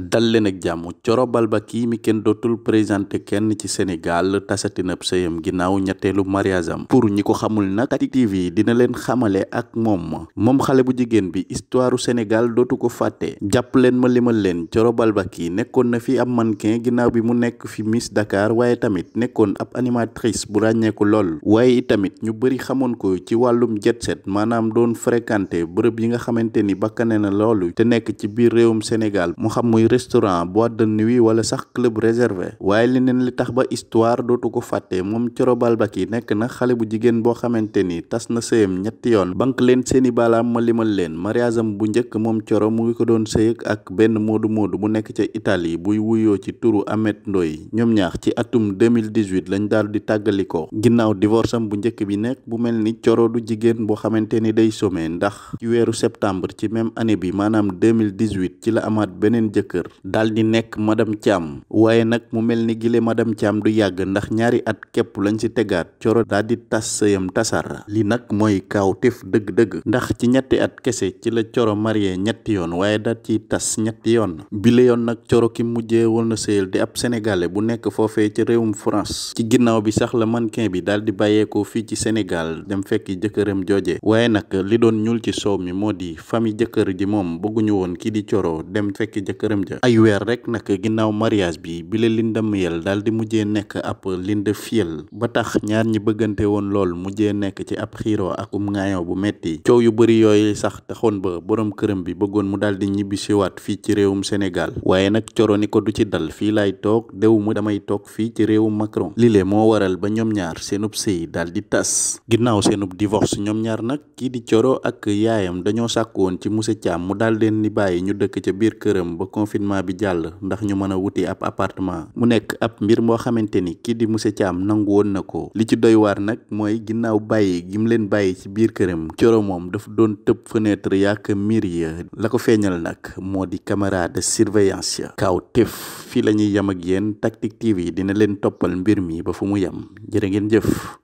dal leen ak jàmm corobal ba kii mi kenn dootul présenté kenn ci Sénégal tasatinab sëyam ginnaaw ñetteelu mariage pour ñi ko xamul nag Tactic TV dina leen xamale ak moom moom xale bu jigéen bi histoireu Sénégal dootu ko fàtte jàpp leen ma limal leen corobal ba kii nekkoon na fi ab mannequin ginnaaw bi mu nekk fi Miss Dakar waaye tamit nekkoon ab animatrice bu ràññeeku lool waaye tamit ñu bëri xamoon ko ci wàllum jet set maanaam doon fréquenté bërëb yi nga xamante ni bakkane na loolu te nekk ci biir réewum Sénégal muy restaurant boîte de nuit wala sax club réservé waaye leneen li tax ba histoire dootu ko fàtte moom Thioro Balbaki nekk na xale bu jigéen boo xamante ni tas na sëyam ñetti yoon bank leen seeni baalaam ma limal leen mariage am bu njëkk moom coro mu ngi ko doon sëyëg ak benn moodu moodu bu nekk ca Italie buy wuyoo ci turu Amet Ndoy ñoom ñaax ci atum 2018 lañ daal di tàggalikoo ginnaaw divorce am bu njëkk bi nekk bu mel ni coro du jigéen boo xamante ni day some ndax ci weeru septembre ci même année bi maanaam 2018 ci la amaat beneen jëkk jëkkër daal di nekk madame Thiam waaye nag mu mel ni gile madame Thiam du yàgg ndax ñaari at képp lañ ci tegaat coro daal di tas sëyam tasar li nag mooy kaw kaawteef dëgg-dëgg ndax ci ñetti at kese ci la coro marié ñetti yoon waaye daal ciy tas ñetti yoon bile yoon nag coro ki mujjee woon na sëyal di ab sénégalais bu nekk foofee ci réewum France ci ginnaaw bi sax la mannequin bi daal di bàyyeekoo fii ci Sénégal dem fekki jëkkëram jooje waaye nag li doon ñuul ci soow mi moo di famille jëkkër ji ja ay weer rek nag ginnaaw mariage bi bile Linda Mayel daal di mujjee nekk ab Linda Fiel ba tax ñaar ñi bëggante woon lool mujjee nekk ci ab xiiroo akum ŋaayoo bu metti coow yu bëri yooyu sax taxoon ba borom këram bi bëggoon mu daal di ñibbisiwaat fii ci réewum Sénégal waaye nag coro ni ko du ci dal fii laay toog dewuma damay toog fii ci réewum Macron lile moo waral ba ñoom ñaar seenub sëy daal di tas ginnaaw seenub divorce ñoom ñaar nag kii di coro ak yaayam dañoo sàkk woon ci monsieur Thiam mu daal leen ni bàyyi ñu dëkk ca biir këram confinement bi jàll ndax ñu mën a wuti ab appartement mu nekk ab mbir moo xamante ni kii di monsieur Thiam nangu woon na ko li ci doy waar nag mooy ginnaaw bàyyi gi mu leen bàyyi ci biir këram coro moom dafa doon tëb fenêtre yàq miir ya la ko feeñal nag moo di caméra de surveillance ya kaw tëf fii la ñuy yem ak yéen Tactic TV dina leen toppal mbir mii ba fu mu yem jërë ngeen jëf